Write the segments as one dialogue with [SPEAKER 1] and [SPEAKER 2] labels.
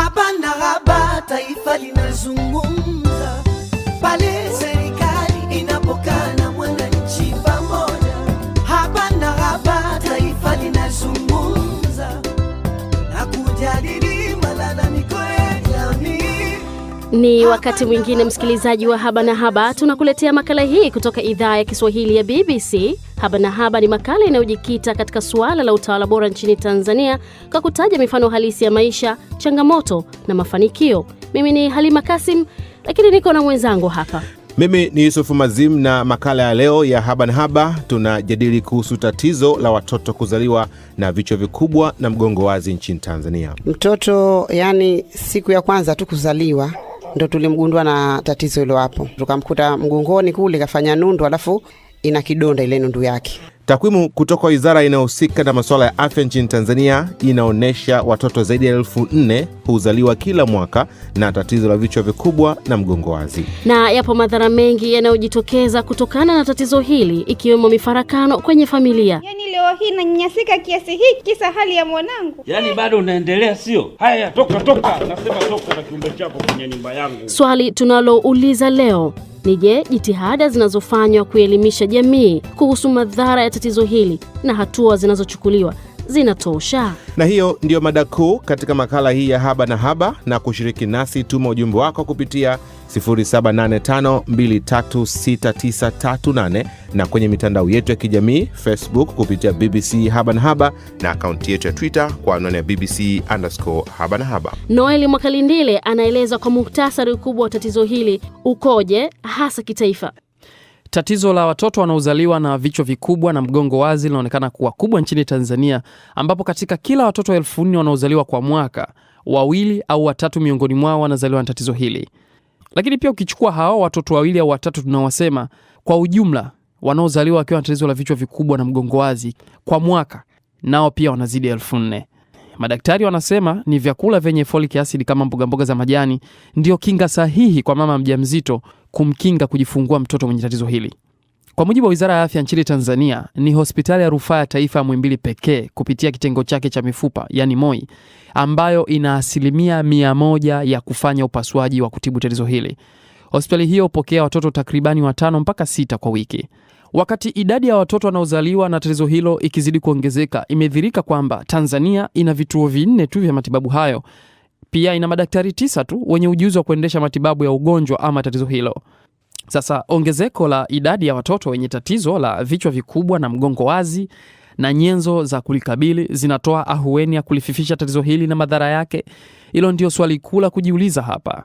[SPEAKER 1] Haba na taifa linazungumza. Ni wakati mwingine msikilizaji wa Haba na Haba, tunakuletea makala hii kutoka idhaa ya Kiswahili ya BBC. Haba na Haba ni makala inayojikita katika suala la utawala bora nchini Tanzania kwa kutaja mifano halisi ya maisha, changamoto na mafanikio. Mimi ni Halima Kasim, lakini niko na mwenzangu hapa
[SPEAKER 2] mimi ni Yusufu Mazim na makala ya leo ya Haba na Haba tunajadili kuhusu tatizo la watoto kuzaliwa na vichwa vikubwa na mgongo wazi nchini Tanzania.
[SPEAKER 3] Mtoto yani, siku ya kwanza tu kuzaliwa ndo tulimgundua na tatizo hilo hapo, tukamkuta mgongoni kule kafanya nundu, alafu ina kidonda ile nundu yake.
[SPEAKER 2] Takwimu kutoka wizara inayohusika na masuala ya afya nchini Tanzania inaonyesha watoto zaidi ya elfu nne huzaliwa kila mwaka na tatizo la vichwa vikubwa na mgongo wazi,
[SPEAKER 1] na yapo madhara mengi yanayojitokeza kutokana na tatizo hili ikiwemo mifarakano kwenye familia.
[SPEAKER 4] Yaani leo hii nanyanyasika kiasi hiki kisa hali ya mwanangu,
[SPEAKER 5] Yaani bado unaendelea, sio? Haya, toka toka, nasema toka na kiumbe chako kwenye nyumba yangu.
[SPEAKER 1] Swali tunalouliza leo, ni je, jitihada zinazofanywa kuelimisha jamii kuhusu madhara ya tatizo hili na hatua zinazochukuliwa zinatosha.
[SPEAKER 2] Na hiyo ndiyo mada kuu katika makala hii ya Haba na Haba, na kushiriki nasi tuma ujumbe wako kupitia 0785236938 na kwenye mitandao yetu ya kijamii Facebook kupitia BBC Haba na Haba na akaunti yetu ya Twitter kwa anwani ya BBC underscore Haba na Haba.
[SPEAKER 1] Noeli Mwakalindile anaeleza kwa muktasari ukubwa wa tatizo hili ukoje hasa kitaifa.
[SPEAKER 6] Tatizo la watoto wanaozaliwa na vichwa vikubwa na mgongo wazi linaonekana kuwa kubwa nchini Tanzania, ambapo katika kila watoto elfu nne wanaozaliwa kwa mwaka, wawili au watatu miongoni mwao wanazaliwa na tatizo hili. Lakini pia ukichukua hawa watoto wawili au watatu tunawasema kwa ujumla wanaozaliwa wakiwa na tatizo la vichwa vikubwa na mgongo wazi kwa mwaka, nao pia wanazidi elfu nne. Madaktari wanasema ni vyakula vyenye folic acid kama mbogamboga za majani ndio kinga sahihi kwa mama mjamzito kumkinga kujifungua mtoto mwenye tatizo hili. Kwa mujibu wa Wizara ya Afya nchini Tanzania, ni hospitali ya rufaa ya taifa ya Muhimbili pekee kupitia kitengo chake cha mifupa yani MOI ambayo ina asilimia mia moja ya kufanya upasuaji wa kutibu tatizo hili. Hospitali hiyo hupokea watoto takribani watano mpaka sita kwa wiki. Wakati idadi ya watoto wanaozaliwa na tatizo hilo ikizidi kuongezeka, imedhirika kwamba Tanzania ina vituo vinne tu vya matibabu hayo pia ina madaktari tisa tu wenye ujuzi wa kuendesha matibabu ya ugonjwa ama tatizo hilo. Sasa ongezeko la idadi ya watoto wenye tatizo la vichwa vikubwa na mgongo wazi na nyenzo za kulikabili zinatoa ahueni ya kulififisha tatizo hili na madhara yake? Hilo ndio swali kuu la kujiuliza hapa.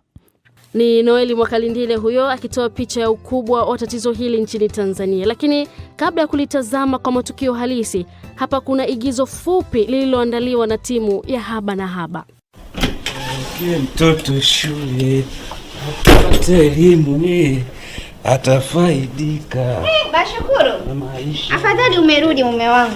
[SPEAKER 1] Ni Noeli Mwakalindile huyo akitoa picha ya ukubwa wa tatizo hili nchini Tanzania. Lakini kabla ya kulitazama kwa matukio halisi, hapa kuna igizo fupi lililoandaliwa na timu ya Haba na Haba.
[SPEAKER 7] Atoke mtoto shule apate elimu ni atafaidika.
[SPEAKER 8] Hey, eh, Bashukuru, afadhali umerudi mume wangu.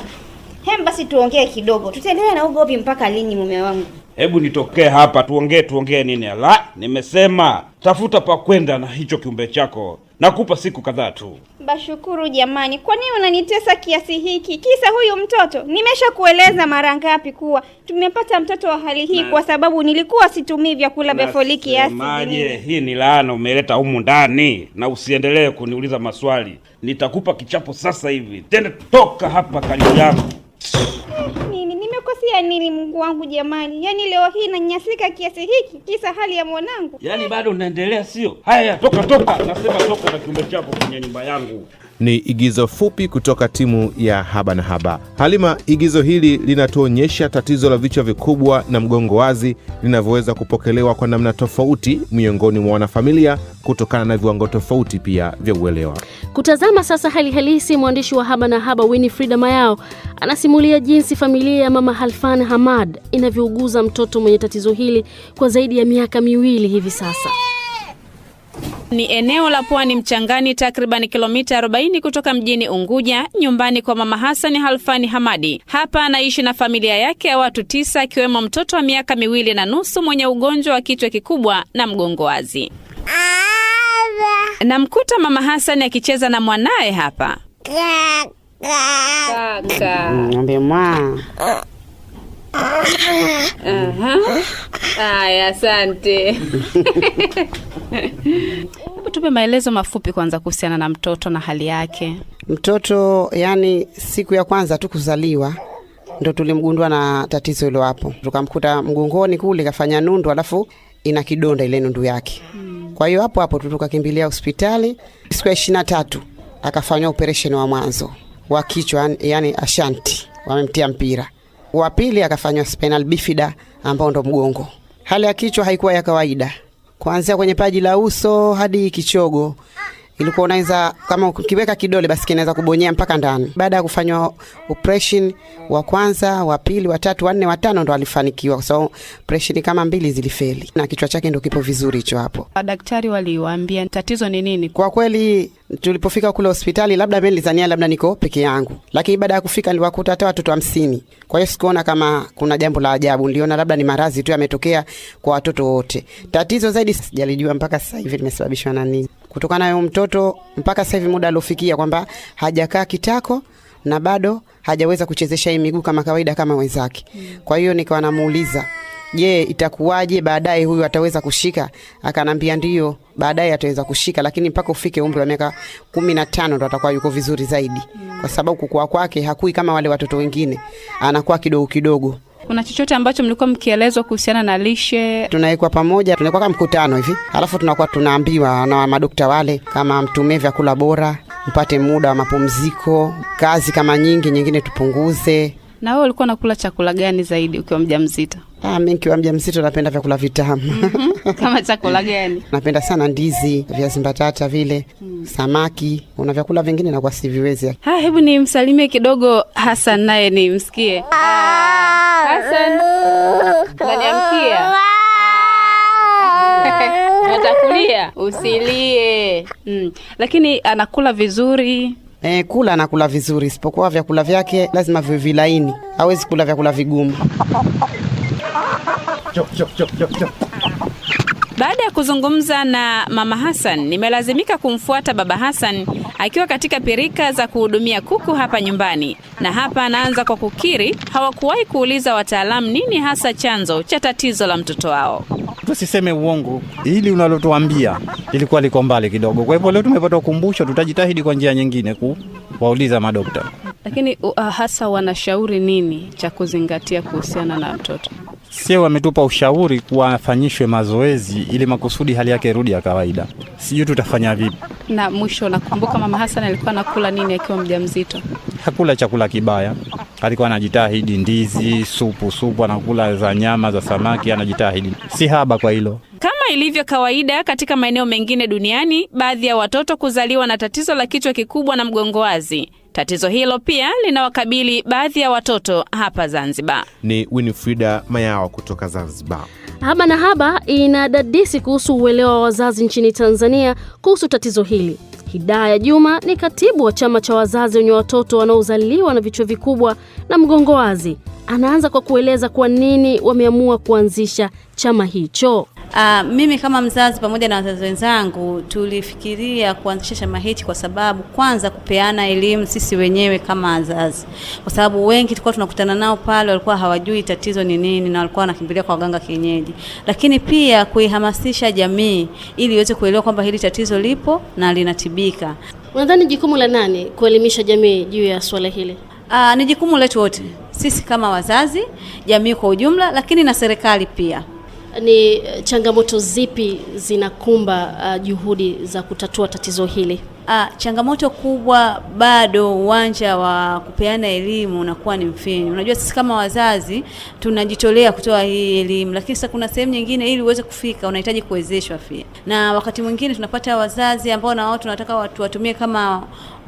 [SPEAKER 8] Hem, basi tuongee kidogo, tutaendelea na ugopi mpaka lini mume wangu?
[SPEAKER 5] Hebu nitokee hapa, tuongee. Tuongee nini? Ala, nimesema tafuta pa kwenda na hicho kiumbe chako. Nakupa siku kadhaa tu.
[SPEAKER 8] Bashukuru jamani, kwa nini unanitesa kiasi hiki? Kisa huyu mtoto? Nimeshakueleza mara ngapi kuwa tumepata mtoto wa hali hii na, kwa sababu nilikuwa situmii vyakula vya foliki asidi.
[SPEAKER 5] Hii ni laana umeleta humu ndani, na usiendelee kuniuliza maswali. Nitakupa kichapo sasa hivi. Tena toka hapa karibu yangu
[SPEAKER 8] ya nini Mungu wangu jamani? Yaani leo hii nanyasika kiasi hiki kisa hali ya mwanangu.
[SPEAKER 5] Yaani bado unaendelea sio? Haya, toka toka, nasema toka na kiumbe chako kwenye nyumba yangu
[SPEAKER 2] ni igizo fupi kutoka timu ya Haba na Haba. Halima, igizo hili linatuonyesha tatizo la vichwa vikubwa na mgongo wazi linavyoweza kupokelewa kwa namna tofauti miongoni mwa wanafamilia kutokana na viwango tofauti pia vya uelewa.
[SPEAKER 1] Kutazama sasa hali halisi, mwandishi wa Haba na Haba Winifrida Mayao anasimulia jinsi familia ya mama Halfan Hamad inavyouguza mtoto mwenye tatizo hili kwa zaidi ya miaka miwili hivi sasa. Ni eneo la pwani mchangani, takriban kilomita 40 kutoka mjini Unguja, nyumbani kwa mama Hassan Halfani Hamadi. Hapa anaishi na familia yake ya watu tisa, akiwemo mtoto wa miaka miwili na nusu mwenye ugonjwa wa kichwa kikubwa na mgongo wazi. Namkuta mama Hassan akicheza na mwanaye hapa
[SPEAKER 9] Kaka. Kaka.
[SPEAKER 10] Haya, asante.
[SPEAKER 1] Hebu tupe maelezo mafupi kwanza kuhusiana na mtoto na hali yake.
[SPEAKER 3] Mtoto yani, siku ya kwanza tu kuzaliwa ndo tulimgundua na tatizo hilo hapo, tukamkuta mgongoni kule kafanya nundu, alafu ina kidonda ile nundu yake. Hmm. Kwa hiyo hapo hapo tukakimbilia hospitali. Siku ya ishirini na tatu akafanywa operesheni wa mwanzo wa kichwa, yani ashanti, wamemtia mpira wa pili akafanywa spinal bifida ambao ndo mgongo. Hali ya kichwa haikuwa ya kawaida, kuanzia kwenye paji la uso hadi kichogo ilikuwa unaweza kama ukiweka kidole basi kinaweza kubonyea mpaka ndani. Baada ya kufanywa operation wa kwanza, wa pili, wa tatu, wa nne, wa tano ndo alifanikiwa kwa sababu operation kama mbili zilifeli na kichwa chake ndo kipo vizuri hicho hapo.
[SPEAKER 1] Daktari waliwaambia tatizo ni nini?
[SPEAKER 3] Kwa kweli tulipofika kule hospitali, labda mimi nilizania labda niko peke yangu, lakini baada ya kufika niliwakuta hata watoto hamsini. Kwa hiyo sikuona kama kuna jambo la ajabu, niliona labda ni maradhi tu yametokea kwa watoto wote. Tatizo zaidi sijalijua mpaka sasa hivi limesababishwa na nini kutokana nayo mtoto mpaka sasa hivi muda aliofikia kwamba hajakaa kitako na bado hajaweza kuchezesha hii miguu kama kawaida kama wenzake. Mm. Kwa hiyo nikawa namuuliza, je, itakuwaje baadaye huyu ataweza kushika? Akanambia ndio, baadaye ataweza kushika, lakini mpaka ufike umri wa miaka kumi na tano ndo atakuwa yuko vizuri zaidi, mm. kwa sababu kukua kwake hakui kama wale watoto wengine, anakuwa kidogo kidogo.
[SPEAKER 1] Kuna chochote ambacho mlikuwa mkielezwa kuhusiana na lishe?
[SPEAKER 3] Tunawekwa pamoja, tunakuwa kama mkutano hivi, alafu tunakuwa tunaambiwa na madokta wale kama mtumie vyakula bora, mpate muda wa mapumziko, kazi kama nyingi nyingine tupunguze.
[SPEAKER 1] Na wewe ulikuwa unakula chakula gani zaidi ukiwa mjamzito?
[SPEAKER 3] Ah, mimi nikiwa mjamzito napenda vyakula vitamu. Mm
[SPEAKER 1] -hmm. Kama chakula gani?
[SPEAKER 3] Napenda sana ndizi, viazi mbatata vile, mm. Samaki, una vyakula vingine na kwa siviwezi.
[SPEAKER 1] Ha, hebu ni msalimie kidogo Hassan naye nimsikie. Ah!
[SPEAKER 10] Hassan ndani ya mkia usilie. Mm.
[SPEAKER 1] Lakini anakula vizuri
[SPEAKER 3] eh, kula anakula vizuri, isipokuwa vyakula vyake lazima viwe vilaini, hawezi kula vyakula vigumu.
[SPEAKER 1] chok chok chok chok chok baada ya kuzungumza na Mama Hassan, nimelazimika kumfuata Baba Hassan akiwa katika pirika za kuhudumia kuku hapa nyumbani, na hapa anaanza kwa kukiri hawakuwahi kuuliza wataalamu nini hasa chanzo cha tatizo la mtoto wao.
[SPEAKER 5] Tusiseme uongo, hili unalotuambia ilikuwa liko mbali kidogo. Kwa hivyo leo tumepata ukumbusho, tutajitahidi kwa njia nyingine kuwauliza madokta.
[SPEAKER 1] Lakini uh, hasa wanashauri nini cha kuzingatia kuhusiana na mtoto?
[SPEAKER 5] Sio, wametupa ushauri kuwa afanyishwe mazoezi ili makusudi hali yake rudi ya kawaida. Sijui tutafanya vipi.
[SPEAKER 1] Na mwisho, nakumbuka mama Hassan alikuwa anakula nini akiwa mjamzito?
[SPEAKER 5] Hakula chakula kibaya, alikuwa anajitahidi, ndizi, supu supu anakula za nyama za samaki, anajitahidi, si haba kwa hilo.
[SPEAKER 1] Kama ilivyo kawaida katika maeneo mengine duniani, baadhi ya watoto kuzaliwa na tatizo la kichwa kikubwa na mgongo wazi Tatizo hilo pia linawakabili baadhi ya watoto hapa Zanzibar.
[SPEAKER 2] Ni Winifrida Mayawa kutoka Zanzibar.
[SPEAKER 1] Haba na Haba inadadisi kuhusu uelewa wa wazazi nchini Tanzania kuhusu tatizo hili. Hidaya Juma ni katibu wa chama cha wazazi wenye watoto wanaozaliwa na vichwa vikubwa na mgongo wazi. Anaanza kwa kueleza kwa nini wameamua kuanzisha chama hicho.
[SPEAKER 10] Uh, mimi kama mzazi pamoja na wazazi wenzangu tulifikiria kuanzisha chama hichi kwa sababu kwanza kupeana elimu sisi wenyewe kama wazazi, kwa sababu wengi tulikuwa tunakutana nao pale walikuwa hawajui tatizo ni nini na walikuwa wanakimbilia kwa waganga kienyeji, lakini pia kuihamasisha jamii ili iweze kuelewa kwamba hili tatizo lipo na linatibika.
[SPEAKER 1] Unadhani jukumu la nani kuelimisha jamii juu ya swala hili?
[SPEAKER 10] Uh, ni jukumu letu wote sisi kama wazazi, jamii kwa ujumla, lakini na serikali pia
[SPEAKER 1] ni eh, changamoto zipi zinakumba uh, juhudi za kutatua tatizo hili?
[SPEAKER 10] Ah, changamoto kubwa bado uwanja wa kupeana elimu unakuwa ni mfinyu. Unajua sisi kama wazazi tunajitolea kutoa hii elimu, lakini sasa kuna sehemu nyingine ili uweze kufika unahitaji kuwezeshwa pia, na wakati mwingine tunapata wazazi ambao na wao tunataka watu watumie kama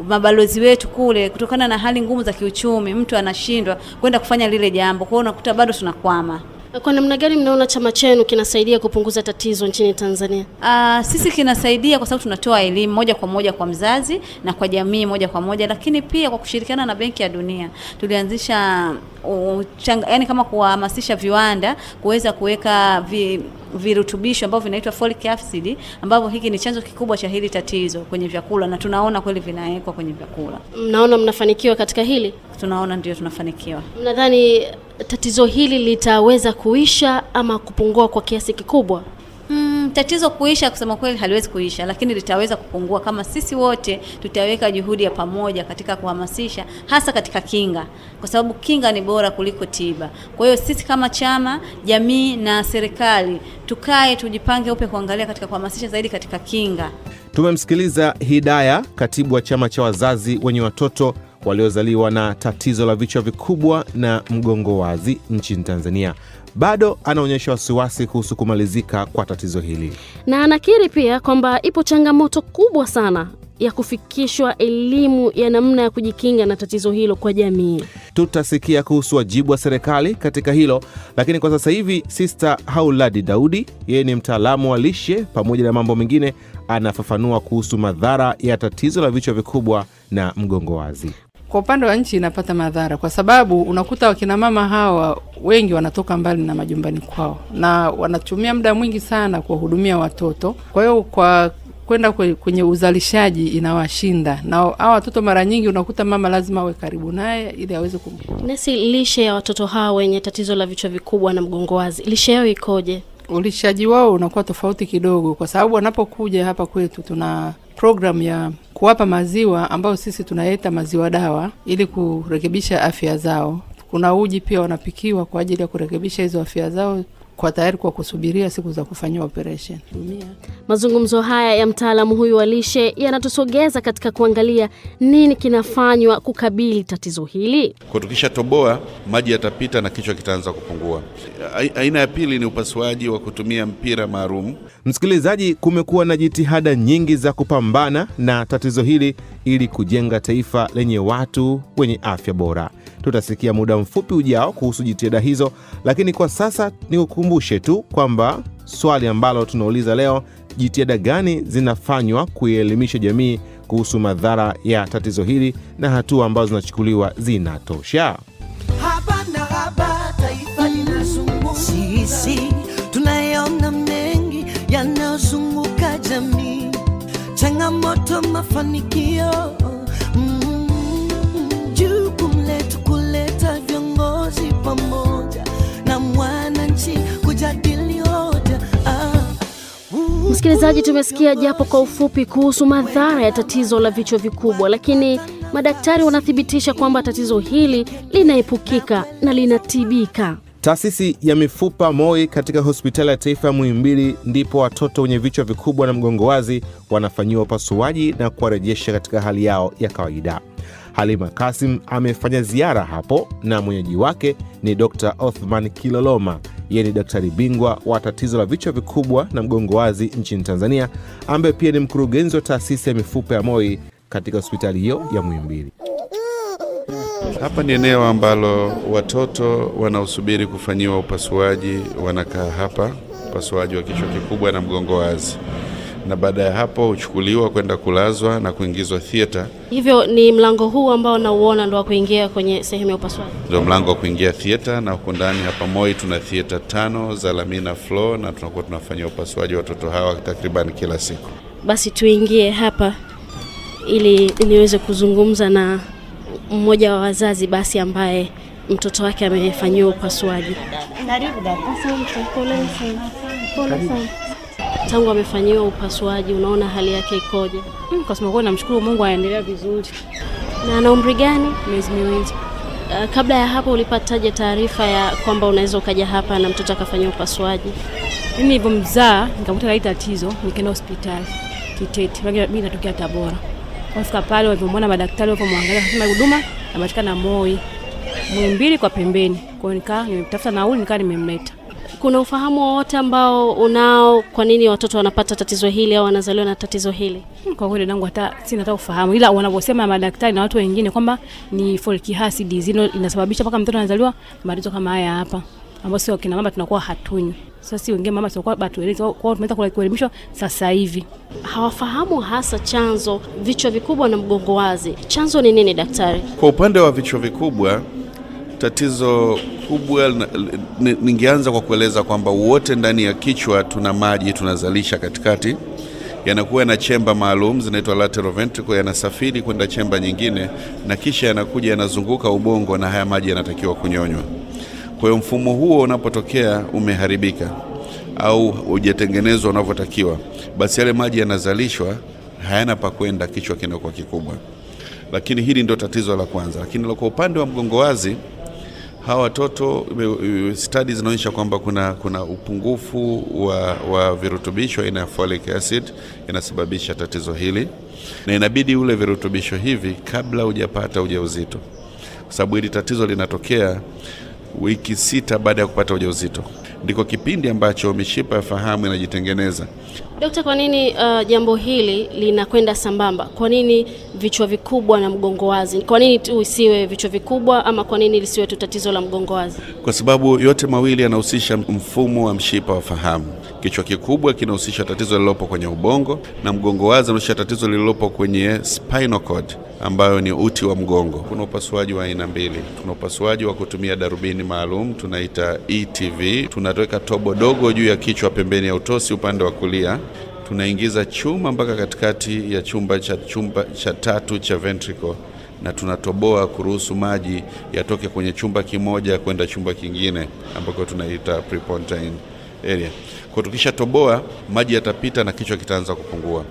[SPEAKER 10] mabalozi wetu kule, kutokana na hali ngumu za kiuchumi, mtu anashindwa kwenda kufanya lile jambo, kwa hiyo unakuta bado tunakwama.
[SPEAKER 1] Kwa namna gani mnaona chama chenu kinasaidia kupunguza tatizo nchini Tanzania?
[SPEAKER 10] Aa, ah, sisi kinasaidia kwa sababu tunatoa elimu moja kwa moja kwa mzazi na kwa jamii moja kwa moja, lakini pia kwa kushirikiana na Benki ya Dunia tulianzisha uchanga, yani kama kuwahamasisha viwanda kuweza kuweka vi, virutubisho ambavyo vinaitwa folic acid ambavyo hiki ni chanzo kikubwa cha hili tatizo kwenye vyakula, na tunaona kweli vinawekwa kwenye vyakula.
[SPEAKER 1] Mnaona mnafanikiwa katika hili?
[SPEAKER 10] Tunaona ndio tunafanikiwa.
[SPEAKER 1] Mnadhani tatizo hili litaweza kuisha ama kupungua kwa kiasi kikubwa?
[SPEAKER 10] Mm, tatizo kuisha, kusema kweli, haliwezi kuisha, lakini litaweza kupungua kama sisi wote tutaweka juhudi ya pamoja katika kuhamasisha, hasa katika kinga, kwa sababu kinga ni bora kuliko tiba. Kwa hiyo sisi kama chama, jamii na serikali tukae, tujipange upe kuangalia katika kuhamasisha zaidi katika kinga.
[SPEAKER 2] Tumemsikiliza Hidaya, katibu wa chama cha wazazi wenye watoto waliozaliwa na tatizo la vichwa vikubwa na mgongo wazi nchini Tanzania bado anaonyesha wasiwasi kuhusu kumalizika kwa tatizo hili,
[SPEAKER 1] na anakiri pia kwamba ipo changamoto kubwa sana ya kufikishwa elimu ya namna ya kujikinga na tatizo hilo kwa jamii.
[SPEAKER 2] Tutasikia kuhusu wajibu wa serikali katika hilo, lakini kwa sasa hivi Sista Hauladi Daudi, yeye ni mtaalamu wa lishe pamoja na mambo mengine, anafafanua kuhusu madhara ya tatizo la vichwa vikubwa na mgongo wazi
[SPEAKER 11] kwa upande wa nchi inapata madhara, kwa sababu unakuta wakina mama hawa wengi wanatoka mbali na majumbani kwao na wanatumia muda mwingi sana kuwahudumia watoto, kwa hiyo kwa kwenda kwenye uzalishaji inawashinda, na hawa watoto mara nyingi unakuta mama lazima awe karibu naye ili aweze kum.
[SPEAKER 1] Nesi, lishe ya watoto hawa wenye tatizo la vichwa vikubwa na mgongo wazi, lishe yao ikoje?
[SPEAKER 11] Ulishaji wao unakuwa tofauti kidogo, kwa sababu wanapokuja hapa kwetu tuna programu ya kuwapa maziwa ambayo sisi tunaita maziwa dawa ili kurekebisha afya zao. Kuna uji pia wanapikiwa kwa ajili ya kurekebisha hizo afya zao kwa tayari kwa kusubiria siku za kufanyia operation.
[SPEAKER 1] Mazungumzo haya ya mtaalamu huyu wa lishe yanatusogeza katika kuangalia nini kinafanywa kukabili tatizo hili.
[SPEAKER 5] Kutukisha toboa maji yatapita na kichwa kitaanza kupungua. Aina ya pili ni upasuaji wa kutumia mpira maalum.
[SPEAKER 2] Msikilizaji, kumekuwa na jitihada nyingi za kupambana na tatizo hili ili kujenga taifa lenye watu wenye afya bora. Tutasikia muda mfupi ujao kuhusu jitihada hizo, lakini kwa sasa nikukumbushe tu kwamba swali ambalo tunauliza leo, jitihada gani zinafanywa kuielimisha jamii kuhusu madhara ya tatizo hili na hatua ambazo zinachukuliwa zinatosha? Haba na haba, taifa linazungumza. Sisi tunayaona mengi yanayozunguka jamii, changamoto mafanikio
[SPEAKER 1] mm-hmm. ah. Msikilizaji, tumesikia japo kwa ufupi kuhusu madhara ya tatizo la vichwa vikubwa, lakini madaktari wanathibitisha kwamba tatizo hili linaepukika na linatibika.
[SPEAKER 2] Taasisi ya mifupa MOI katika hospitali ya taifa ya Muhimbili ndipo watoto wenye vichwa vikubwa na mgongo wazi wanafanyiwa upasuaji na kuwarejesha katika hali yao ya kawaida. Halima Kasim amefanya ziara hapo na mwenyeji wake ni Dr. Othman Kiloloma. Yeye ni daktari bingwa wa tatizo la vichwa vikubwa na mgongo wazi nchini Tanzania, ambaye pia ni mkurugenzi wa taasisi ya mifupa ya MOI katika hospitali hiyo ya Muhimbili.
[SPEAKER 7] Hapa ni eneo ambalo watoto wanaosubiri kufanyiwa upasuaji wanakaa hapa, upasuaji wa kichwa kikubwa na mgongo wazi na baada ya hapo huchukuliwa kwenda kulazwa na kuingizwa theater.
[SPEAKER 1] Hivyo ni mlango huu ambao nauona ndo wa kuingia kwenye sehemu ya upasuaji,
[SPEAKER 7] ndio mlango wa kuingia theater, na huko ndani hapa MOI tuna theater tano za lamina floor, na tunakuwa tunafanya upasuaji watoto hawa takriban kila siku.
[SPEAKER 12] Basi tuingie hapa ili niweze kuzungumza na mmoja wa wazazi basi ambaye mtoto wake amefanyiwa upasuaji. Tangu amefanyiwa upasuaji, unaona hali yake ikoje? Mm, kwa sababu namshukuru Mungu anaendelea vizuri. Na ana umri gani? Miezi miwili. Uh, kabla ya hapo ulipataje taarifa ya kwamba unaweza ukaja hapa na mtoto akafanyiwa upasuaji? Mimi nilivyomzaa nikamkuta na tatizo, nikaenda hospitali Kitete, mimi natokea Tabora kwanza pale walivyomwona madaktari walipomwangalia kasema huduma napatikana MOI mbili kwa pembeni. Kwa hiyo nikaa nimetafuta nauli nikaa nimemleta.
[SPEAKER 1] Kuna ufahamu wowote ambao unao kwa nini watoto wanapata tatizo hili au wanazaliwa na tatizo hili?
[SPEAKER 12] Kwa kweli nangu hata sina hata ufahamu, ila wanavyosema madaktari na watu wengine kwamba ni folic acid inasababisha mpaka mtoto anazaliwa matatizo kama haya hapa, ambao sio kina mama tunakuwa hatunywi sasa si wengine mama tunakuwa batueleze kwa tunaweza kuelimishwa sasa hivi.
[SPEAKER 1] Hawafahamu hasa chanzo, vichwa vikubwa na mgongo wazi. Chanzo ni nini, daktari?
[SPEAKER 7] Kwa upande wa vichwa vikubwa, tatizo kubwa, ningeanza kwa kueleza kwamba wote ndani ya kichwa tuna maji tunazalisha katikati yanakuwa na chemba maalum zinaitwa lateral ventricle, yanasafiri kwenda chemba nyingine na kisha yanakuja yanazunguka ubongo, na haya maji yanatakiwa kunyonywa. Kwa hiyo mfumo huo unapotokea umeharibika au hujatengenezwa unavyotakiwa, basi yale maji yanazalishwa hayana pa kwenda, kichwa kinakuwa kikubwa. Lakini hili ndio tatizo la kwanza. Lakini kwa upande wa mgongo wazi, hawa watoto studies zinaonyesha kwamba kuna, kuna upungufu wa, wa virutubisho aina ya folic acid inasababisha tatizo hili, na inabidi ule virutubisho hivi kabla hujapata ujauzito, kwa sababu hili tatizo linatokea wiki sita baada ya kupata ujauzito, ndiko kipindi ambacho mishipa ya fahamu inajitengeneza.
[SPEAKER 1] Dokta, kwa nini uh, jambo hili linakwenda sambamba? Kwa nini vichwa vikubwa na mgongo wazi? Kwa nini tu isiwe vichwa vikubwa ama kwa nini lisiwe tu tatizo la mgongo wazi?
[SPEAKER 7] Kwa sababu yote mawili yanahusisha mfumo wa mshipa wa fahamu. Kichwa kikubwa kinahusisha tatizo lililopo kwenye ubongo na mgongo wazi unahusisha tatizo lililopo kwenye spinal cord ambayo ni uti wa mgongo. Kuna upasuaji wa aina mbili. Tuna upasuaji wa kutumia darubini maalum tunaita ETV, tunaweka tobo dogo juu ya kichwa pembeni ya utosi upande wa kulia tunaingiza chuma mpaka katikati ya chumba cha, chumba cha tatu cha ventricle na tunatoboa kuruhusu maji yatoke kwenye chumba kimoja kwenda chumba kingine ambako tunaita prepontine area. Kwa tukishatoboa maji yatapita na kichwa kitaanza kupungua.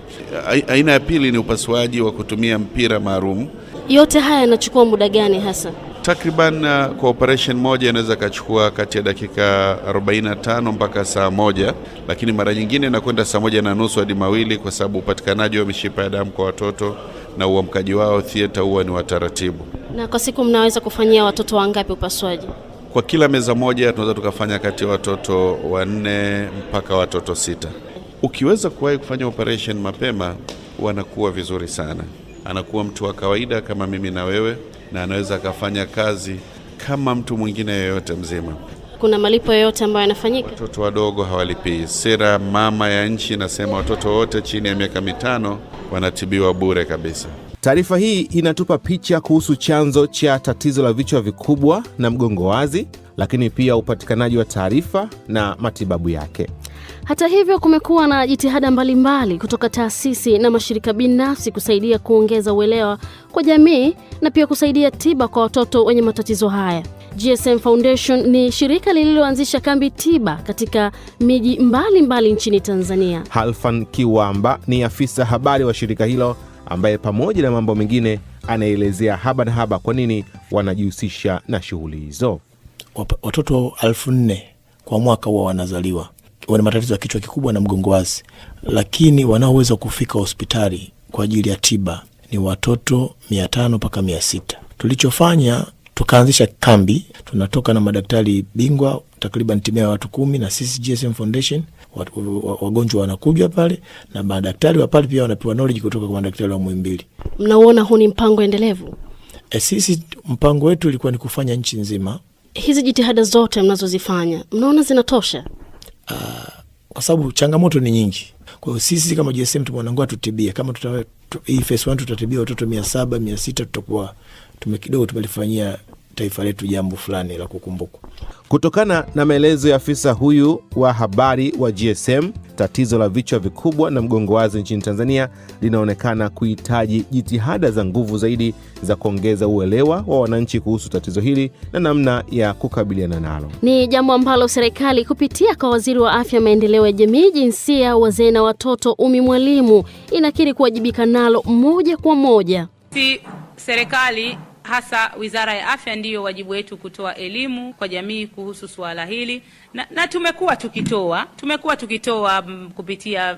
[SPEAKER 7] Aina ya pili ni upasuaji wa kutumia mpira maalum.
[SPEAKER 1] Yote haya yanachukua muda gani hasa?
[SPEAKER 7] takriban uh, kwa operation moja inaweza ikachukua kati ya dakika 45 mpaka saa moja, lakini mara nyingine inakwenda saa moja na nusu hadi mawili, kwa sababu upatikanaji wa mishipa ya damu kwa watoto na uamkaji wao thieta huwa ni wataratibu.
[SPEAKER 1] Na kwa siku mnaweza kufanyia watoto wangapi upasuaji?
[SPEAKER 7] Kwa kila meza moja tunaweza tukafanya kati ya watoto wanne mpaka watoto sita. Ukiweza kuwahi kufanya operation mapema, wanakuwa vizuri sana, anakuwa mtu wa kawaida kama mimi na wewe na anaweza akafanya kazi kama mtu mwingine yoyote mzima.
[SPEAKER 1] Kuna malipo yoyote ambayo yanafanyika?
[SPEAKER 7] Watoto wadogo hawalipii. Sera mama ya nchi inasema watoto wote chini ya miaka mitano wanatibiwa bure kabisa.
[SPEAKER 2] Taarifa hii inatupa picha kuhusu chanzo cha tatizo la vichwa vikubwa na mgongo wazi lakini pia upatikanaji wa taarifa na matibabu yake.
[SPEAKER 1] Hata hivyo, kumekuwa na jitihada mbalimbali kutoka taasisi na mashirika binafsi kusaidia kuongeza uelewa kwa jamii na pia kusaidia tiba kwa watoto wenye matatizo haya. GSM Foundation ni shirika lililoanzisha kambi tiba katika miji mbalimbali nchini Tanzania.
[SPEAKER 2] Halfan Kiwamba ni afisa habari wa shirika hilo ambaye pamoja na mambo mengine anaelezea haba na haba kwa nini wanajihusisha na shughuli hizo
[SPEAKER 13] watoto alfu nne kwa mwaka huwa wanazaliwa wana matatizo ya kichwa kikubwa na mgongo wazi, lakini wanaoweza kufika hospitali kwa ajili ya tiba ni watoto mia tano mpaka mia sita. Tulichofanya, tukaanzisha kambi. Tunatoka na madaktari bingwa takriban timia ya watu kumi na sisi GSM Foundation. Wagonjwa wanakujwa pale na madaktari wa pale pia wanapewa knowledge kutoka kwa madaktari wa Muhimbili.
[SPEAKER 1] Mnauona huu ni mpango endelevu?
[SPEAKER 13] E, sisi mpango wetu ulikuwa ni kufanya nchi nzima
[SPEAKER 1] hizi jitihada zote mnazozifanya mnaona zinatosha?
[SPEAKER 13] Uh, kwa sababu changamoto ni nyingi. kwao sisi kama jsm tumeonangua tutibie, kama tuta hii fes tutatibia watoto mia saba mia sita tutakuwa tume kidogo tumelifanyia taifa letu jambo fulani la kukumbukwa.
[SPEAKER 2] Kutokana na maelezo ya afisa huyu wa habari wa GSM, tatizo la vichwa vikubwa na mgongo wazi nchini Tanzania linaonekana kuhitaji jitihada za nguvu zaidi za kuongeza uelewa wa wananchi kuhusu tatizo hili na namna ya kukabiliana nalo.
[SPEAKER 1] Ni jambo ambalo serikali kupitia kwa waziri wa afya, maendeleo ya jamii, jinsia, wazee na watoto, Umi Mwalimu, inakiri kuwajibika nalo moja kwa moja.
[SPEAKER 14] Si serikali hasa Wizara ya Afya ndiyo wajibu wetu kutoa elimu kwa jamii kuhusu suala hili na, na tumekuwa tukitoa tumekuwa tukitoa mm, kupitia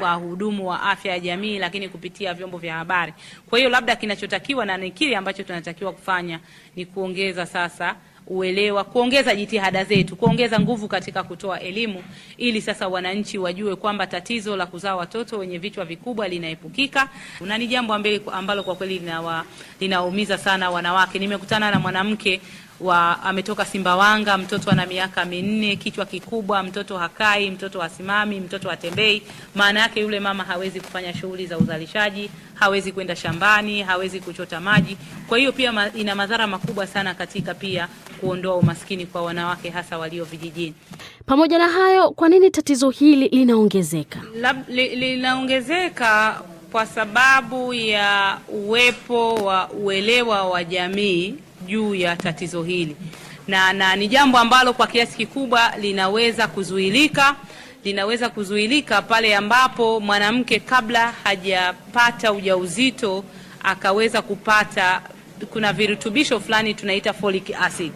[SPEAKER 14] wahudumu wa afya ya jamii, lakini kupitia vyombo vya habari. Kwa hiyo labda kinachotakiwa na ni kile ambacho tunatakiwa kufanya ni kuongeza sasa uelewa, kuongeza jitihada zetu, kuongeza nguvu katika kutoa elimu, ili sasa wananchi wajue kwamba tatizo la kuzaa watoto wenye vichwa vikubwa linaepukika, na ni jambo ambalo kwa kweli linawaumiza sana wanawake. Nimekutana na mwanamke wa ametoka Simbawanga, mtoto ana miaka minne, kichwa kikubwa, mtoto hakai, mtoto hasimami, mtoto hatembei. Maana yake yule mama hawezi kufanya shughuli za uzalishaji, hawezi kwenda shambani, hawezi kuchota maji. Kwa hiyo pia ina madhara makubwa sana katika pia kuondoa umaskini kwa wanawake hasa walio vijijini.
[SPEAKER 1] Pamoja na hayo, kwa nini tatizo hili linaongezeka?
[SPEAKER 14] Linaongezeka li, kwa sababu ya uwepo wa uelewa wa jamii juu ya tatizo hili na, na ni jambo ambalo kwa kiasi kikubwa linaweza kuzuilika linaweza kuzuilika pale ambapo mwanamke kabla hajapata ujauzito akaweza kupata kuna virutubisho fulani tunaita folic acid.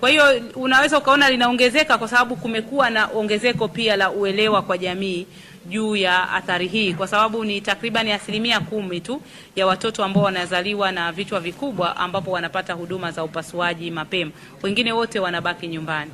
[SPEAKER 14] Kwa hiyo unaweza ukaona linaongezeka kwa sababu kumekuwa na ongezeko pia la uelewa kwa jamii juu ya athari hii, kwa sababu ni takriban asilimia kumi tu ya watoto ambao wanazaliwa na vichwa vikubwa ambapo wanapata huduma za upasuaji mapema, wengine wote wanabaki nyumbani.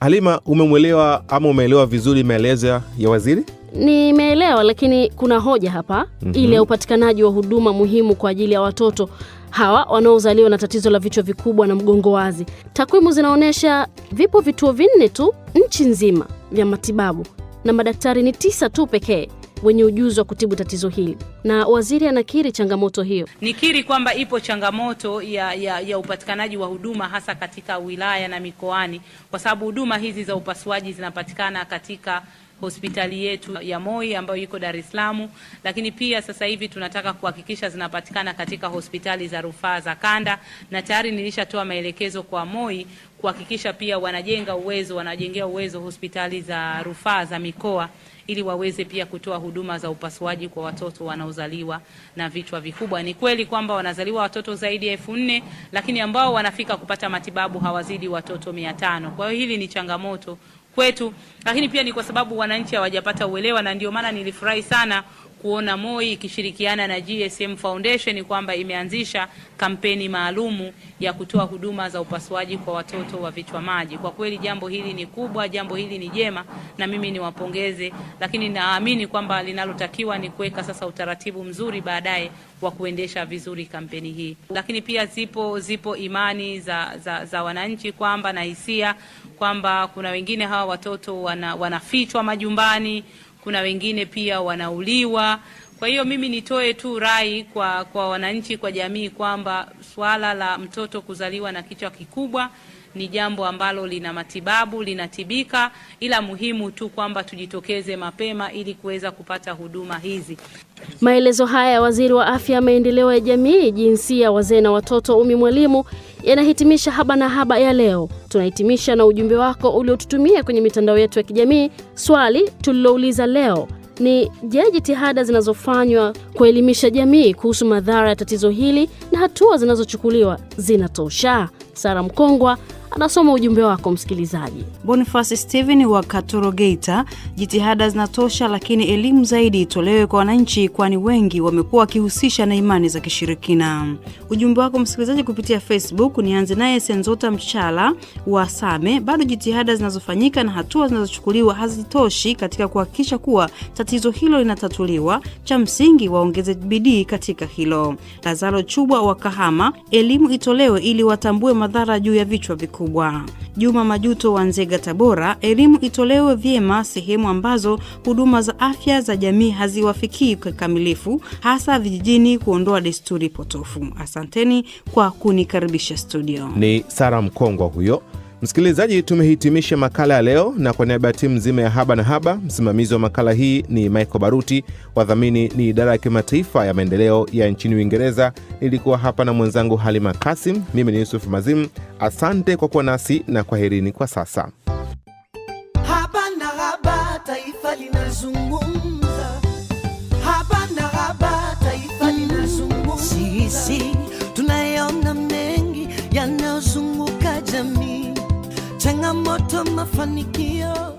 [SPEAKER 2] Halima, umemwelewa ama umeelewa vizuri maelezo ya waziri?
[SPEAKER 1] Nimeelewa, lakini kuna hoja hapa mm -hmm. Ile ya upatikanaji wa huduma muhimu kwa ajili ya watoto hawa wanaozaliwa na tatizo la vichwa vikubwa na mgongo wazi. Takwimu zinaonyesha vipo vituo vinne tu nchi nzima vya matibabu na madaktari ni tisa tu pekee wenye ujuzi wa kutibu tatizo hili, na waziri anakiri changamoto hiyo.
[SPEAKER 14] Nikiri kwamba ipo changamoto ya, ya, ya upatikanaji wa huduma hasa katika wilaya na mikoani, kwa sababu huduma hizi za upasuaji zinapatikana katika hospitali yetu ya Moi ambayo iko Dar es Salaam, lakini pia sasa hivi tunataka kuhakikisha zinapatikana katika hospitali za rufaa za kanda, na tayari nilishatoa maelekezo kwa Moi kuhakikisha pia wanajenga uwezo, wanajengea uwezo hospitali za rufaa za mikoa ili waweze pia kutoa huduma za upasuaji kwa watoto wanaozaliwa na vichwa vikubwa. Ni kweli kwamba wanazaliwa watoto zaidi ya elfu nne lakini ambao wanafika kupata matibabu hawazidi watoto mia tano. Kwa hiyo hili ni changamoto kwetu, lakini pia ni kwa sababu wananchi hawajapata uelewa, na ndio maana nilifurahi sana kuona MOI ikishirikiana na GSM Foundation kwamba imeanzisha kampeni maalumu ya kutoa huduma za upasuaji kwa watoto wa vichwa maji. Kwa kweli jambo hili ni kubwa, jambo hili ni jema na mimi niwapongeze, lakini naamini kwamba linalotakiwa ni kuweka sasa utaratibu mzuri baadaye wa kuendesha vizuri kampeni hii. Lakini pia zipo zipo imani za, za, za wananchi kwamba na hisia kwamba kuna wengine hawa watoto wana, wanafichwa majumbani kuna wengine pia wanauliwa. Kwa hiyo mimi nitoe tu rai kwa, kwa wananchi, kwa jamii kwamba swala la mtoto kuzaliwa na kichwa kikubwa ni jambo ambalo lina matibabu, linatibika, ila muhimu tu kwamba tujitokeze mapema ili kuweza kupata huduma hizi.
[SPEAKER 1] Maelezo haya ya Waziri wa Afya, Maendeleo ya Jamii, Jinsia, Wazee na Watoto Umi Mwalimu yanahitimisha Haba na Haba ya leo. Tunahitimisha na ujumbe wako uliotutumia kwenye mitandao yetu ya kijamii. Swali tulilouliza leo ni je, jitihada zinazofanywa kuelimisha jamii kuhusu madhara ya tatizo hili na hatua zinazochukuliwa zinatosha? Sara Mkongwa anasoma ujumbe wako msikilizaji.
[SPEAKER 15] Boniface Steven wa Katoro Geita, jitihada zinatosha, lakini elimu zaidi itolewe kwa wananchi, kwani wengi wamekuwa wakihusisha na imani za kishirikina. Ujumbe wako msikilizaji kupitia Facebook. Nianze naye Senzota Mchala wa Same, bado jitihada zinazofanyika na hatua zinazochukuliwa hazitoshi katika kuhakikisha kuwa tatizo hilo linatatuliwa. Cha msingi waongeze bidii katika hilo. Lazaro Chubwa wa Kahama, elimu itolewe ili watambue madhara juu ya vichwa vikuu kubwa. Juma Majuto wa Nzega, Tabora, elimu itolewe vyema sehemu ambazo huduma za afya za jamii haziwafikii kikamilifu, hasa vijijini, kuondoa desturi potofu. Asanteni kwa kunikaribisha studio.
[SPEAKER 2] Ni Sara Mkongwa huyo. Msikilizaji, tumehitimisha makala ya leo, na kwa niaba ya timu nzima ya Haba na Haba, msimamizi wa makala hii ni Michael Baruti, wadhamini ni idara ya kimataifa ya maendeleo ya nchini Uingereza. Nilikuwa hapa na mwenzangu Halima Kasim. Mimi ni Yusuf Mazim, asante kwa kuwa nasi na kwaherini kwa sasa. ndoto mafanikio